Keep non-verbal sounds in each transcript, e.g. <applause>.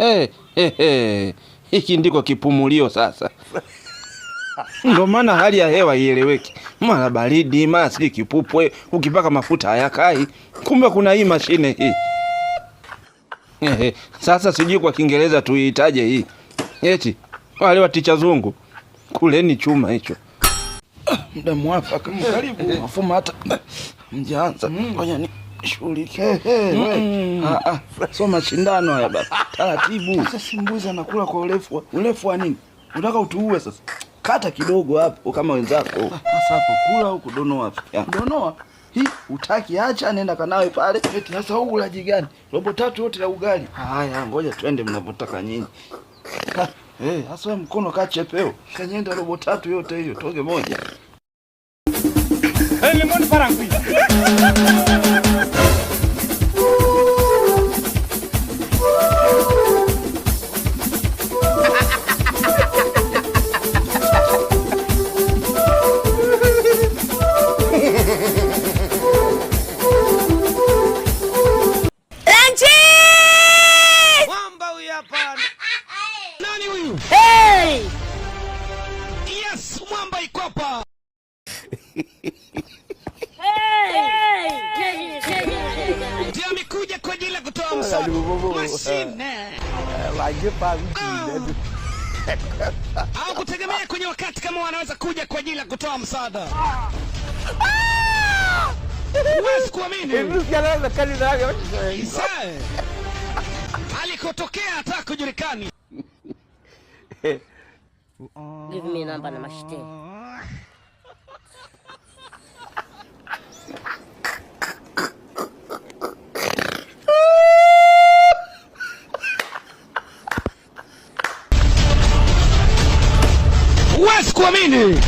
Eh, eh, eh. Hiki ndiko kipumulio sasa. Ndo maana hali ya hewa ieleweki, mara baridi, mara si kipupwe, ukipaka mafuta hayakai. Kumbe kuna hii mashine hii sasa sijui kwa Kiingereza tuiitaje hii, eti wale waticha zungu kuleni chuma hicho. Mda mwafaka, mkaribu mafuma hata mjaanza. Mm. Ngoja ni Shughulikie ah, ah. so mashindano haya baba, taratibu. Sasa mbuzi anakula kwa urefu, urefu wa nini? Unataka utuue sasa? Kata kidogo hapo kama wenzako. Ah, sasa hapo kula au kudonoa? Kudonoa hi utaki, acha nenda kanawe pale. Eti sasa huu ulaji gani? Robo tatu yote ya ugali. Haya, ngoja twende mnapotaka nyinyi. Eh, hey, hasa mkono ka chepeo. Kanyenda robo tatu yote hiyo, toge moja. Hey, eh, lemon parangui. Hey! Yes, mwamba Ndio amekuja kwa ajili ya kutoa msaada. Eh, ah. Au <laughs> kutegemea kwenye wakati kama wanaweza kuja kwa ajili ya kutoa msaada. Huwezi kuamini. hata kujulikani. Give me number Huwezi kuamini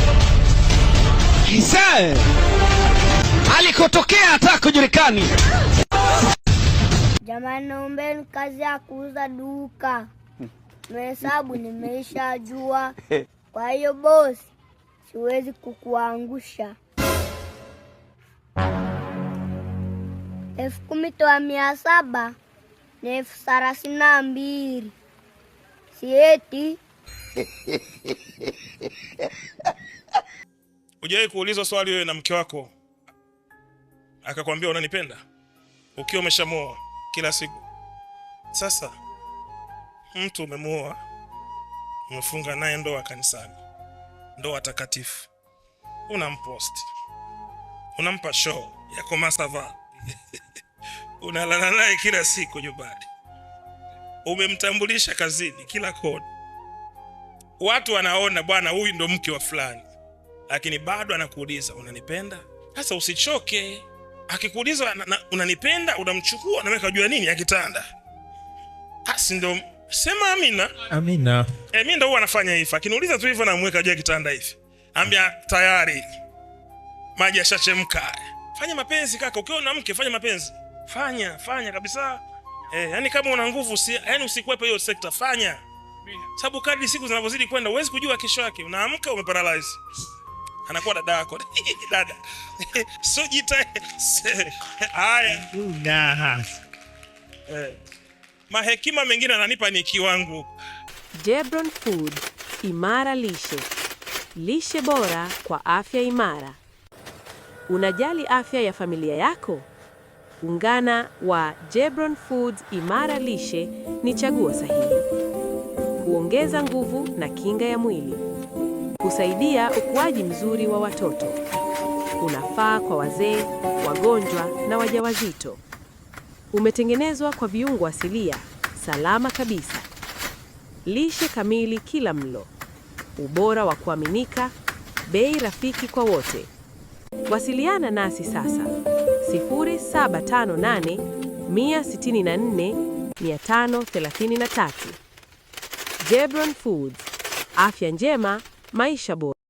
Isaya alikotokea hata kujulikani. Jamani, naombeni kazi ya kuuza duka mhesabu nimeisha jua, kwa hiyo bosi, siwezi kukuangusha. elfu kumi toa mia saba ni elfu thelathini na mbili sieti. Hujawahi kuulizwa swali wewe na mke wako akakwambia unanipenda ukiwa umeshamoa kila siku? Sasa mtu umemuoa umefunga naye ndoa kanisani, ndoa takatifu, unampost unampa show ya komasava <laughs> unalala naye kila siku nyumbani, umemtambulisha kazini, kila kona, watu wanaona bwana, huyu ndo mke wa fulani, lakini bado anakuuliza unanipenda. Sasa usichoke akikuuliza unanipenda, unamchukua unaweka juu ya nini, akitanda basi ndo sema amina amina. E, eh, mi ndo huwa anafanya hivi, akiniuliza tu hivyo namweka juu ya kitanda hivi, ambia tayari maji yashachemka. Fanya mapenzi kaka, ukiwa na mke fanya mapenzi, fanya fanya kabisa. E, eh, yani kama una nguvu si, yani usikwepe hiyo sekta, fanya sababu kadri siku zinavyozidi kwenda huwezi kujua kesho yake. Unaamka umeparalyze, anakuwa dada yako <laughs> dada so <laughs> jita <laughs> haya eh mahekima mengine ananipa ni kiwangu. Jebron Food, imara lishe, lishe bora kwa afya imara. Unajali afya ya familia yako? Ungana wa Jebron Foods imara lishe ni chaguo sahihi. Huongeza nguvu na kinga ya mwili, kusaidia ukuaji mzuri wa watoto, unafaa kwa wazee, wagonjwa na wajawazito umetengenezwa kwa viungo asilia, salama kabisa. Lishe kamili kila mlo, ubora wa kuaminika, bei rafiki kwa wote. Wasiliana nasi sasa 0758 164 533. Jebron Foods, afya njema, maisha bora.